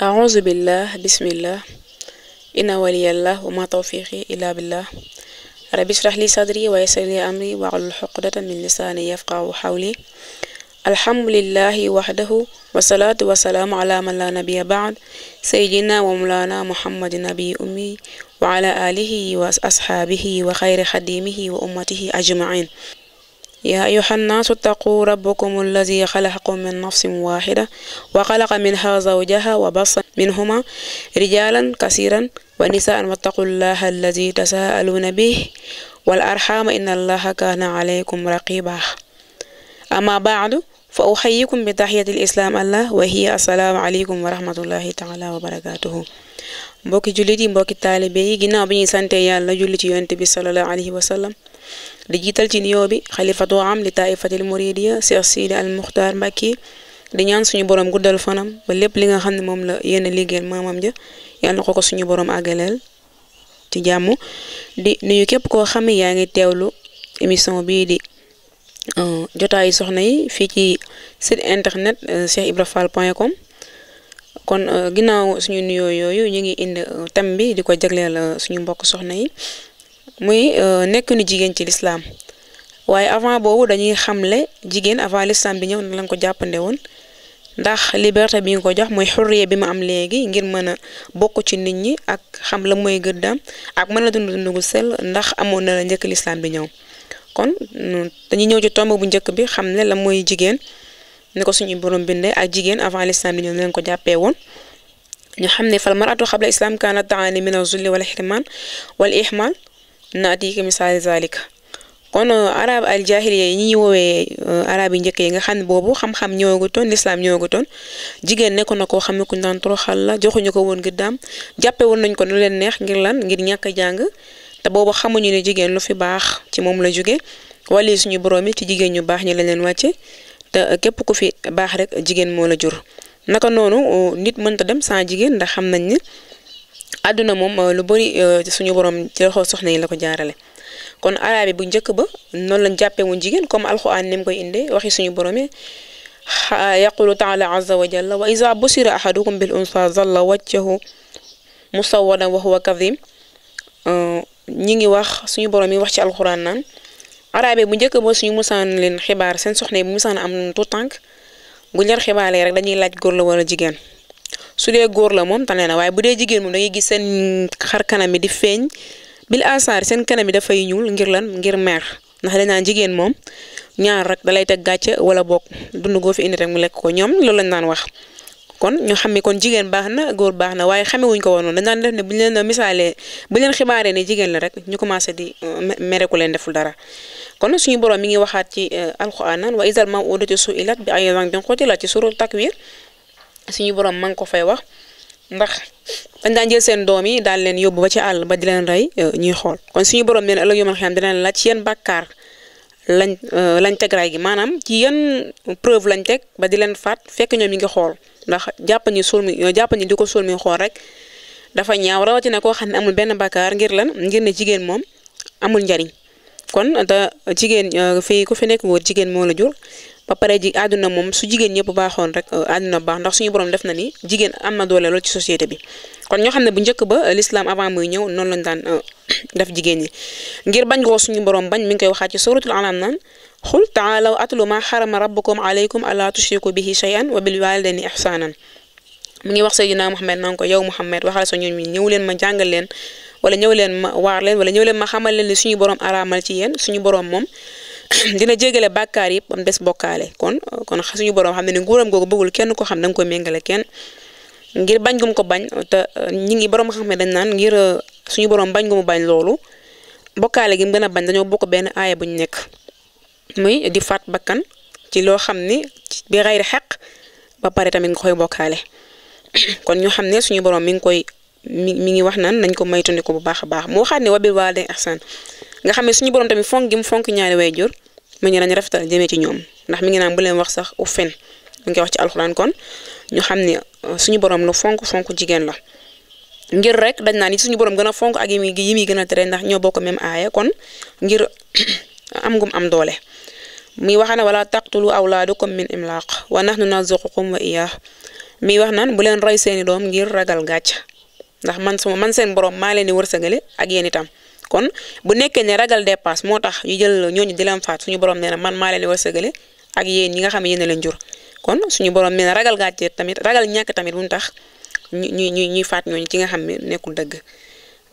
أعوذ بالله بسم الله إن ولي الله وما توفيقي إلا بالله ربي اشرح لي صدري ويسر لي أمري وعلى حقدة من لساني يفقه حولي الحمد لله وحده والصلاة والسلام على من لا نبي بعد سيدنا ومولانا محمد نبي أمي وعلى آله وأصحابه وخير خديمه وأمته أجمعين يا أيها الناس اتقوا ربكم الذي خلقكم من نفس واحدة وخلق منها زوجها وبص منهما رجالا كثيرا ونساء واتقوا الله الذي تساءلون به والأرحام إن الله كان عليكم رقيبا أما بعد فأحييكم بتحية الإسلام الله وهي السلام عليكم ورحمة الله تعالى وبركاته mbokki jullit yi mbokki taalibe yi ginnaaw bi ñuy sante yàlla julli ci yonent bi sallallahu alayhi wa sallam di jiital ci nuyoo bi xalifatu am li taifatil muridiya Cheikh Sidi al Muxtaar Mbàkke di ñaan suñu borom guddal fanam ba lépp li nga xam ne moom la yéen a liggéeyal maamam ja yàlla na ko suñu borom àggaleel ci jàmm di nuyu képp koo xam ne yaa ngi teewlu émission bii di euh, jotaayu soxna yi fii ci site internet euh, cheikh ibra fall point com kon euh, ginnaaw suñu nuyoo yooyu ñu ngi indi euh, thème bi di ko jagleel euh, suñu mbokk soxna yi muy nekk ni jigéen ci lislaam waaye avant boobu dañuy xamle jigéen avant lislaam bi ñëw na lañ ko jàppande woon ndax liberté bi nga ko jox mooy xurriye bi ma am léegi ngir mën a bokk ci nit ñi ak xam la mooy gëddaam ak mën a dund dundugu sell ndax amoon na la njëkk lislaam bi ñëw kon mm, dañuy ñëw ci tomb bu njëkk bi xam ne la mooy jigéen ni ko suñu borom bindee ak jigéen avant l'islam ni ñoom leen ko jàppee woon ñu xam ne fal maratu xabla islam kaana taani min azulli wal xirmaan wal ihmal naati ki misaali zalika kon euh, arab al jahiliya yi ñuy woowee euh, arab yi njëkk nga xam ne boobu xam-xam ñëwagutoon lislaam ñëwagutoon jigéen nekkoon na koo xam ne kuñ daan toroxal la joxuñu ko woon ngir gëddaam jàppe woon nañ ko nu leen neex ngir lan ngir ñàkk jàng te boobu xamuñu ne jigéen lu fi baax ci moom la jóge wala suñu borom yi ci jigéen ñu baax ñi lañ leen wàcce te képp ku fi baax rek jigéen moo la jur naka noonu uh, nit mënta dem sans jigéen ndax xam nañ ni àdduna moom uh, lu bari uh, suñu borom ci loxo soxna yi la ko jaarale kon arab yi bu njëkk ba noonu lañ jàppee woon jigéen comme alxuraan ni mu koy indee waxi suñu boromee yaqulu taala azza wa jalla wa iza busira ahadukum bil unsa zalla wajhahu musawwadan wa huwa kadhim ñi ngi wax suñu borom yi wax ci alxuraan naan arabe bu njëkk ba suñu musaan leen xibaar seen soxna yi bu musaan am tout tànk bu ñaar xibaalee rek dañuy laaj góor la wala jigéen su dee góor la moom tane na waaye bu dee jigéen moom dangay gis seen xar kanam yi di feeñ bil asaar seen kanam yi dafay ñuul ngir lan ngir meer ndax dañ naan jigéen moom ñaar rek dalay teg gàcce wala bokk dund goo fi indi mu lekk ko ñoom loolu lañ daan wax. kon ñu xam kon jigéen baax na góor baax na waaye xame ko woon dañ daan def ne bu ñu leen misaalee bu leen xibaaree ne jigéen la rek ñu commencé di uh, mere leen deful dara. kon suñu borom mi ngi waxaat ci eh, alquran naan wa isal mawudatu su'ilat bi ayyi dhanbin qutilat ci suratul takwir suñu borom ma ngi ko fay wax ndax dañ daan jël seen doom yi daal leen yóbbu ba ci àll ba di leen rey eh, ñuy xool kon suñu borom leen ëllëg yomal xam dina leen laaj ci yeen bàkkaar lañ eh, lañ teg ray gi maanaam ci yan preuve lañ teg ba di leen faat fekk ñoom ñi ngi xool ndax jàpp ni suul mi jàpp ni di ko suul xool rek dafa ñaaw rawatina koo xam ne amul benn bàkkaar ngir lan ngir ne jigéen moom amul njariñ kon te jigéen euh, fii ku fi nekk góor jigéen moo la jur ba pare ji àdduna moom su jigéen ñëpp baaxoon rek euh, àdduna baax ndax suñu borom def na ni jigéen am na doole lool ci société bi kon ñoo xam ne bu njëkk ba euh, lislaam avant muy ñëw noonu lañ daan def jigéen ñi ngir bañ ko suñu borom bañ mi ngi koy waxaat ci suratul anam naan xul taalaw atlu ma xarama rabbukum aleykum ala tushriku bihi shay'an wa bil walidayni ihsanan mu ngi wax Seydina Muhammad naan ko yow Muhammad waxal sa ñun ñi ñëw leen ma jàngal wala ñëw leen ma waar leen wala ñëw leen ma xamal leen ni suñu borom araamal ci yéen suñu borom moom dina jégale bàkkaar yëpp am des bokkaale kon kon suñu borom xam ne ne nguuram googu bëggul kenn ko xam da nga koy méngale kenn ngir bañ gum ko bañ te euh, ñi ngi borom xam dañ naan ngir euh, suñu borom bañ gumu bañ loolu bokkaale gi mu bañ dañoo bokk benn aaya bu ñu nekk muy di faat bakkan ci loo xam ni bi xayri xaq ba pare tamit nga koy bokkaale kon ñu xam suñu borom mi ngi koy mi wahanan, ngi wax naan nañ ko maytandiku bu baax a baax mu waxaat ne wabil waalidayni ihsan nga xam ne suñu borom tamit fonk gi mu fonk ñaari jor mu ngi nañ rafetal jëmee ci ñoom ndax mi ngi naan bu leen wax sax u fen ngi wax ci kon ñu xam ne euh, suñu borom lu fonk fonk jigéen la ngir rek dañ naan suñu borom gën a fonk ak yi muy yi muy gën ndax ñoo bokk même kon ngir am gum am doole muy wax ne wala taqtulu awlaadakum min imlaaq wa nahnu narzuqukum wa iyyaahu muy wax naan bu leen rey seeni doom ngir ragal gacha. ndax man suma man seen borom maa leen di wërsëgale ak yéen itam kon bu nekkee ne ragal dépasse moo tax ñu jël ñooñu di leen faat suñu borom nee na man maa leen di wërsëgale ak yéen ñi nga xam ne yéen leen jur kon suñu borom nee na ragal gàcce tamit ragal ñàkk tamit bu tax ñu ñuy ñuy faat ñooñu ci nga xam ne nekkul dëgg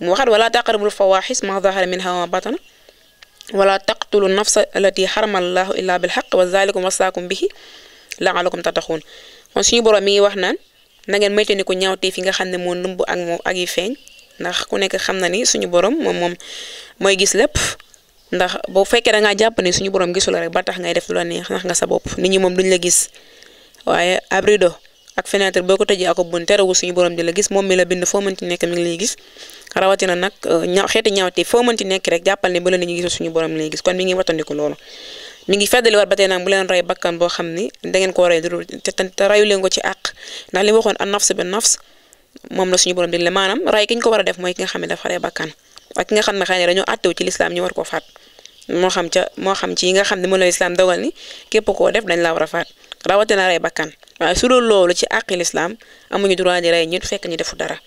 mu waxat wala taqrabul fawaxis ma zahara minha wa batana wala taqtulu nafsa allati harama allahu illa bilxaq wa zalikum wasaakum bihi laalakum tattaxuun kon suñu borom mi ngi wax naan na ngeen moytandiku ñaawteef yi nga xam ne moo nëmb ak moo ak yi feeñ ndax ku nekk xam na ni suñu borom moom moom mooy gis lépp ndax boo fekkee da ngaa jàpp ne suñu borom gisu rek ba tax ngay def lu la neex ndax nga sa bopp nit ñi moom duñ la gis waaye ab rido ak fenêtre boo ko tëjee ak bun terewul suñu borom di la gis moom mi la bind foo mënti nekk mi ngi lay gis rawatina nag euh, ñaaw xeeti ñaawteef foo mënti nekk rek jàppal ne ba la nit ñi gisul suñu borom lay gis kon mi ngi watandiku loolu mi ngi feddali war ba tey bu bakkan bo xamni ni da ngeen ko rey du te rayu len ko ci ak ndax li waxoon an nafs bi nafs mom la suñu borom di le manam ray kiñ ko war def moy ki nga xamni ne dafa ray bakkan ak nga xamni xani dañu atté ci l'islam ñu war ko faat mo xam ca mo xam ci nga xamni mo la dogal ni kep ko def dañ la wara a rawate na ray bakkan wa su do lolu ci ak l'islam amuñu droit di ray ñu fekk ñu defu dara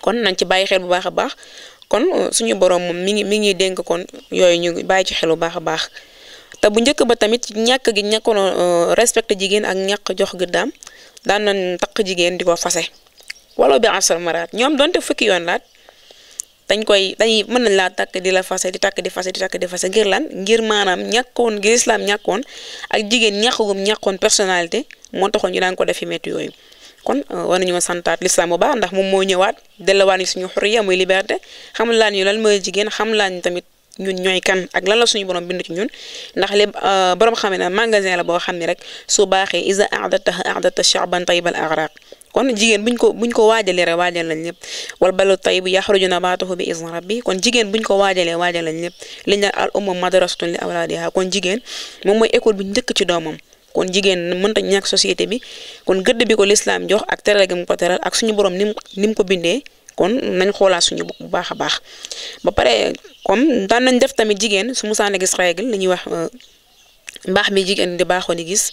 kon nañ ci bàyyi xel bu baaxa baax kon suñu borom mi ngi mi ngi denk kon yoy ñu bàyyi ci xel bu baaxa baax ta bu njëkk ba tamit ñàkk gi ñàkkoon eh, respecté jigéen ak ñàkk jox gëddaam daan nañ takk jigéen di ko fase wala bi asal maraat ñoom donte fukki yoon laat dañ koy dañ mën nañ laa takk di la fase di takk di fase di takk di fase ngir lan ngir maanaam ñàkkoon ngir islam ñàkkoon ak jigéen ñàkkugum ñàkkoon personnalité moo taxoon ñu daan ko defi metti yooyu kon eh, war nañoo santaat l'islam bu baax ndax moom moo ñëwaat delluwaat ñu suñu xuriya muy liberté xam laan lan mooy jigéen xam tamit ñun ñooy kan ak lan la suñu borom bind ci ñun ndax li euh, borom xam ne magasin la boo xam ne rek su baaxee isa ahdataha ahdata shaaban tayyibal agraq kon jigéen buñ ko buñ ko waajalee rek waajal nañ ñëpp wal balu tayyib yaxruju nabatuhu bi izni kon jigéen buñ ko waajalee waajal nañ ñëpp li ñu al umma madrasatun li awlaadiha kon jigéen moom mooy école bi njëkk ci doomam kon jigéen mënta ñàkk société bi kon gëdd bi ko lislaam jox ak teral mu ko teral ak suñu borom ni mu ni mu ko bindee kon nañ xoolaat suñu bopp bu baax a baax ba pare comme daan nañ def tamit jigéen su musaana gis règle li ñuy wax euh, mbaax mi jigéen di baaxoo di gis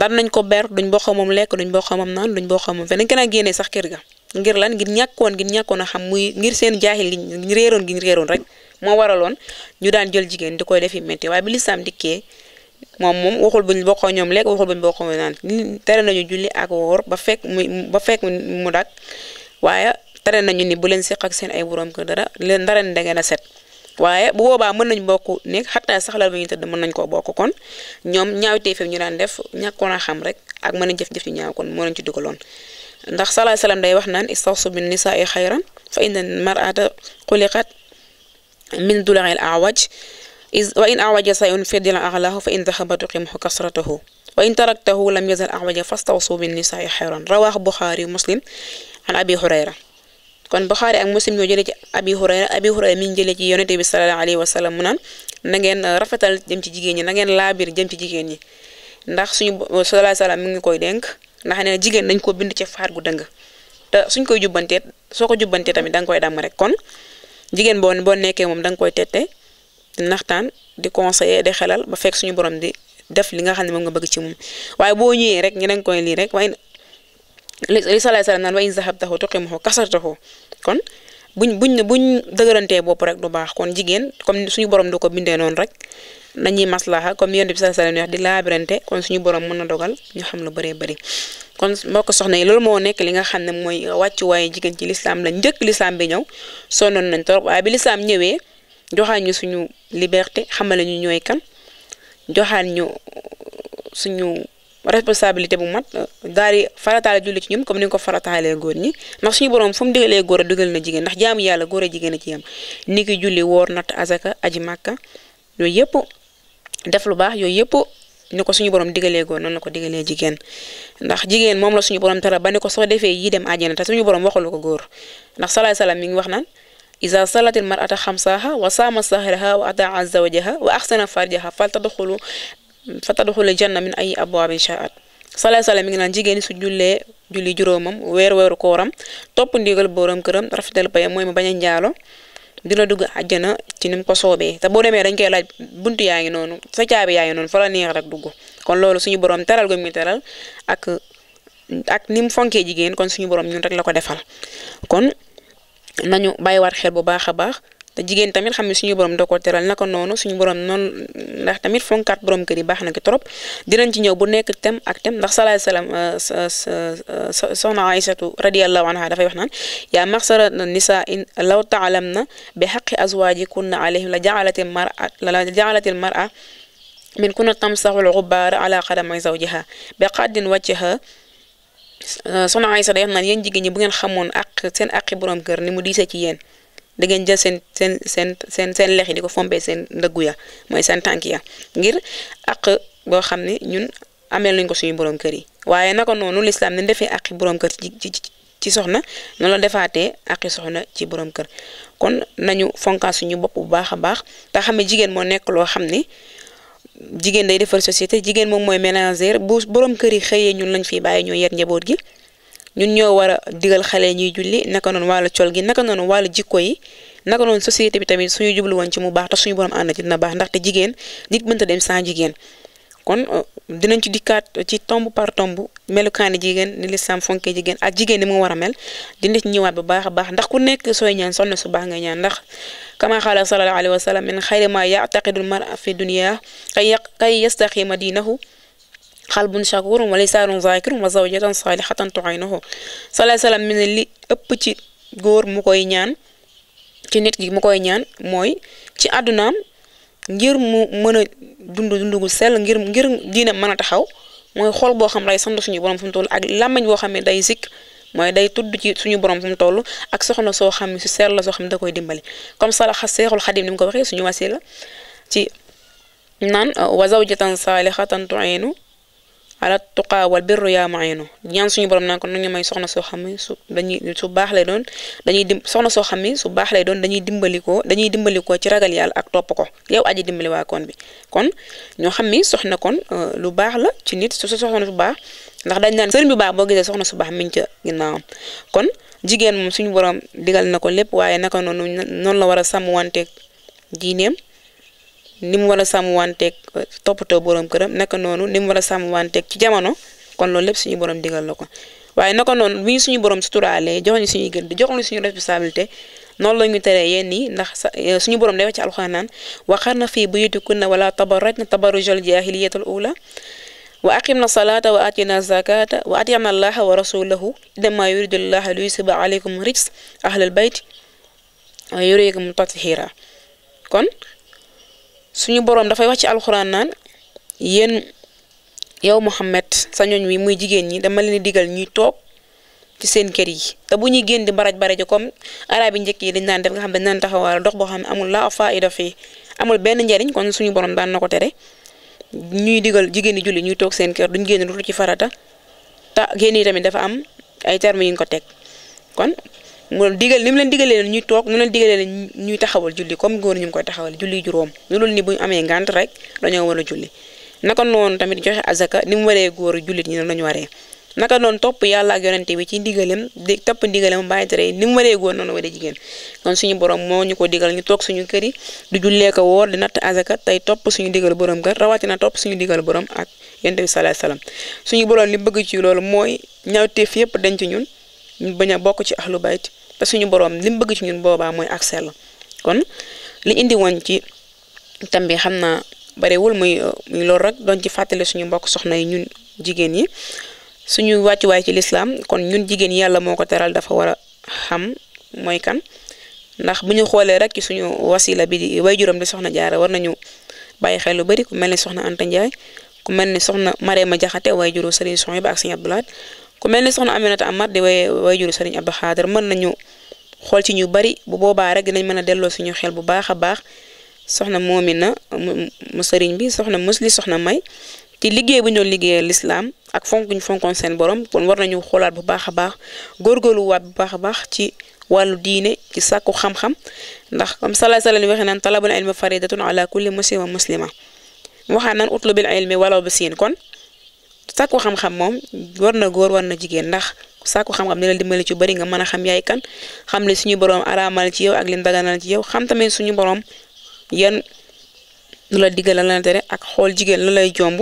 daan nañ ko ber duñ boo moom lekk duñ boo xam moom naan boo xam moom feneen kenn génnee sax kër ga ngir lan ngir ñàkkoon ngir ñàkkoon a xam muy ngir seen jaaxil gi réeroon gi réeroon rek moo waraloon ñu daan jël jigéen di koy def yi métti bi lislaam dikkee moom moom waxul buñ bokkoo ñoom lekk waxul buñ bokkoo naan tere nañu julli ak woor ba fekk mu ba fekk mu dakk waaye tere nañu ni bu leen seq ak seen ay borom ko dara leen ndara ni da ngeen a set waaye bu boobaa mën nañ bokk néeg xataa sax lal ñu tëdd mën nañ koo bokk kon ñoom ñaawteef ñu daan def ñàkkoon a xam rek ak mën a jëf-jëf ñu ñaaw kon moo nañ ci dugaloon ndax salaa salaam day wax naan istawsu bin nisaai xayran fa inna mar'ata xuliqat min dulail awaj wa in awaja sayun fidila axlaahu fa in dahaba tuqimhu kasratahu wa in taraktahu lam yazal awaja fastawsu bin nisaai xayran rawaax buxaari muslim an abi hurayra kon Buxaari ak Muslim ñoo jëlee ci Abi Hurayra Abi Hurayra mi ngi ci yonente bi sallallahu alayhi wa sallam naan na ngeen rafetal jëm ci jigéen ñi na ngeen laabir jëm ci jigéen ñi ndax suñu sallallahu salaam mu ngi koy denk ndax ne na jigéen dañ ko bind ci faar gu dëng te suñ koy jubbantee soo ko jubbantee tamit danga koy dàmm rek kon jigéen boo boo nekkee moom da nga koy tette di naxtaan di conseiller di xelal ba fekk suñu borom di def li nga xam ne moom nga bëgg ci moom waaye li salaay salaam naan wa in zahabtahu tuqimuhu kasartahu kon buñ buñ ne buñ dëgërantee bopp rek du baax kon jigéen comme suñu borom du ko bindee noon rek nañuy maslaha comme yonent bi salaay salaam wax di laabirante kon suñu borom mën a dogal ñu xam lu bare bari kon moo mbokk soxna yi loolu moo nekk li nga xam ne mooy wàccuwaayu jigéen ci lislaam la njëkk lislaam bi soo noon nañ torop waaye bi lislaam ñëwee joxaan ñu suñu liberté xama ñu ñooy kan joxaan ñu suñu responsabilité bu mat daal di farataale julli ci ñum comme ni nga ko farataalee góor ñi ndax suñu borom fu mu digalee góor a na jigen ndax jaamu yàlla góor jigen ci yam niki julli wor nat azaka aji màkka yooyu yep def lu bax yooyu yep ni ko suñu borom digalee góor non la ko digalee jigéen ndax jigen mom la suñu borom tara ba ne ko soo defee yi dem àjjana ta suñu borom waxul ko góor ndax alayhi wasallam mi wax nan إذا صلت المرأة خمسها وصام صهرها سهرها عز وجهها وأحسن فرجها فلتدخل fatadxul janna min ay abwaabin sha'at salaay salaam mi ngi naan jigéen su jullee julli juróomam weer weeru kooram topp ndigal boroom këram rafetal payam mooy mu bañ a njaalo dina dugg àjjana ci ni mu ko soobee te boo demee dañ koy laaj buntu yaa ngi noonu sa caabi yaay ngi noonu fa la neex rek dugg kon loolu suñu borom teral gu mu teral ak ak ni mu fonkee jigéen kon suñu borom ñun rek la ko defal kon nañu bàyyiwaat xel bu baax a baax te jigéen tamit xam ne suñu borom da ko teral naka noonu suñu borom non ndax tamit fonkaat borom kër yi baax na ki trop dinañ ci ñëw bu nekk tem ak tem ndax salaay salaam soxna Aysatu radiyallahu anha dafay wax naan yaa maxsara nisa in law taalam na bi xaqi azwaajikunna alayhim la jaalatil mara la jaalatil mara min kunna tamsaxu al ala xadamay zawjiha bi qaddin wajhiha soxna Aysa day wax naan yéen jigéen ñi bu ngeen xamoon ak seen aqi borom kër ni mu diisee ci yéen da ngeen jël seen seen seen seen seen di ko fompee seen ndëggu ya mooy seen tànk ya ngir àq boo xam ne ñun ameel nañ ko suñu borom kër yi waaye naka noonu lislaam ne defee àqi borom kër ci ci soxna noonu la defaatee àqi soxna ci borom kër kon nañu fonkaa suñu bopp bu baax a baax te xam ne jigéen moo nekk loo xam ne jigéen day defar société jigéen moom mooy ménagère bu borom kër yi xëyee ñun lañ fiy bàyyi ñoo yer njaboot gi ñun ñoo war a digal xale ñuy julli naka noonu wàllu col gi naka noonu wàllu jikko yi naka noonu société bi tamit suñu jublu woon ci mu baax te suñu borom ànd ci dina baax ndaxte jigéen nit mënta dem sans jigéen kon euh, dinañ ci dikkaat ci tomb par tomb melukaani jigéen ni lislaam fonke jigéen ak jigéen ni mu war a mel dina ci ñëwaat bu baax a baax ndax ku nekk sooy ñaan soxna su baax nga ñaan ndax kama xaala sallallahu alayhi wa sallam min xayri ma yactaqidul mara fi dunia kay kay yastaqima diinahu qalbun shakurun wa lisaanun zaakirun wa zawjatan saalihatan tu'iinuhu salaay salaam mi ne li ëpp ci góor mu koy ñaan ci nit gi mu koy ñaan mooy ci àddunaam ngir mu mën a dund dund gu sell ngir ngir diine mën a taxaw mooy xol boo xam day sant suñu borom fu mu toll ak làmmiñ boo xam ne day sikk mooy day tudd ci suñu borom fu mu toll ak soxna soo xam ne su sell la soo xam ne da koy dimbali comme salaxa seexul xadim ni mu ko waxee suñu wasila ci naan wa zawjatan saalihatan tu'iinu ala tuqaa wal birru yaa no ñaan suñu borom naan ko nu may soxna soo xam ne su dañuy su baax lay doon dañuy dim soxna soo xam ne su baax lay doon dañuy dimbalikoo dañuy dimbalikoo ci ragal yàlla ak topp ko yow aji dimbali waa koon bi kon ñoo xam ni soxna kon euh, lu baax la ci nit su soxna su baax ndax dañ daan sëriñ bu baax boo gisee soxna su baax mi ngi ca ginnaawam kon jigéen moom suñu borom digal na ko lépp waaye naka noonu noonu la war a sàmm wanteeg diineem ni mu war a sàmm wanteeg toppatoo borom këram naka noonu ni mu war a sàmm wanteeg ci jamono kon loolu lépp suñu borom digal la ko waaye naka noonu bu ñu suñu borom suturaalee jox ñu suñuy gën di jox ñu suñu responsabilité noonu la ñu teree yéen ñi ndax suñu borom day wax ci alxuraan naan waqarna fii buyutikunna wala tabarrajna tabarrujal jaahiliyatil uula wa aqimna salaata wa atina zakata wa atina allaha wa rasulahu innama yuridu llaha liyusba alaykum rijs ahlal bayt wa yurikum tathiira kon suñu boroom dafay wax ci alxuraan naan yéen yow Muhammad sa ñooñ wi muy jigéen ñi dama leen digal ñuy toog ci seen kër yi te bu ñuy génn di baraj baraje comme arabe yi njëkk yi dañ naan def nga xam dañ daan taxawaal dox boo xam ne amul laa faida fii amul benn njariñ kon suñu boroom daan na ko tere ñuy digal jigéen ñi julli ñuy toog seen kër duñ génn lu ci farata ta génn yi tamit dafa am ay termes yu ñu ko teg kon mu digal nim leen digalee leen ñuy tok ñu leen digalee leen ñuy taxawal julli comme goor ñu koy taxawal julli juroom ñu dul ni bu amé ngant rek dañu war julli naka non tamit joxe azaka nim mu goor julli ñu ñi lañu naka non top yalla ak yonenté bi ci ndigalem di top ndigalem bàyyi tere nim mu goor non noonu waree kon suñu borom mo ñu ko digal ñu tok suñu kër yi du jullee ko wor di nat azaka tay top suñu digal borom rawati na top suñu digal borom ak yonenté bi alayhi wasallam suñu borom li bëgg ci moy mooy ñawteef yépp dañ ci ñun ñu a bok ci ahlul bayt te suñu borom li mu bëgg ci ñun boobaa mooy ak sell kon liñ indi woon ci tam bi xam naa barewul muy muy loolu rek doon ci fàttali suñu mbokk soxna yi ñun jigéen yi suñu wàccuwaay ci lislaam kon ñun jigéen yàlla moo ko teral dafa war a xam mooy kan ndax bu ñu xoolee rek ci suñu wasila bi di waajuram di soxna jaara war nañu bàyyi xel lu bari ku mel ni soxna Anta Ndiaye ku mel ni soxna ma Jaxate waajuru Serigne Soxna ba ak Serigne Abdoulaye ku mel ni soxna Aminata Amar di way wayjuru sëriñ Abdou Xaadir mën nañu xool ci ñu bari bu boobaa rek dinañ mën a delloo suñu xel bu baax a baax soxna Moomina mu sëriñ bi soxna Musli soxna May ci liggéey bu ñu doon liggéeyal lislaam ak fonk ñu fonkoon seen borom kon war nañu xoolaat bu baax a baax góorgóorluwaat bu baax a baax ci wàllu diine ci sàkku xam-xam ndax comme sala sala ni waxee naan talabul ilmi faridatun ala kulli muslim wa muslima waxaan naan utlubil ilmi walaw bi siin kon sàkku xam-xam moom war na góor war na jigéen ndax sàkku xam-xam dina la dimbali ci bari nga mën a xam yaay kan xam li suñu boroom araamal ci yow ak leen daganal ci yow xam tamit suñu boroom yan la diggal la tere ak xool jigéen la lay jomb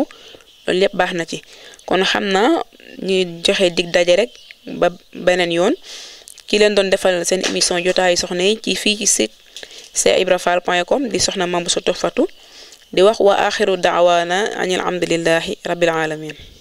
loolu lépp baax na ci kon xam na ñuy joxe dig daje rek ba beneen yoon ki leen doon defal seen émission jotaayu soxna yi ci fii ci site c'est ibrafal.com di soxna Mame soto Touhfatou di wax wa axiru daawaana anil hamdulillahi rabbil alamin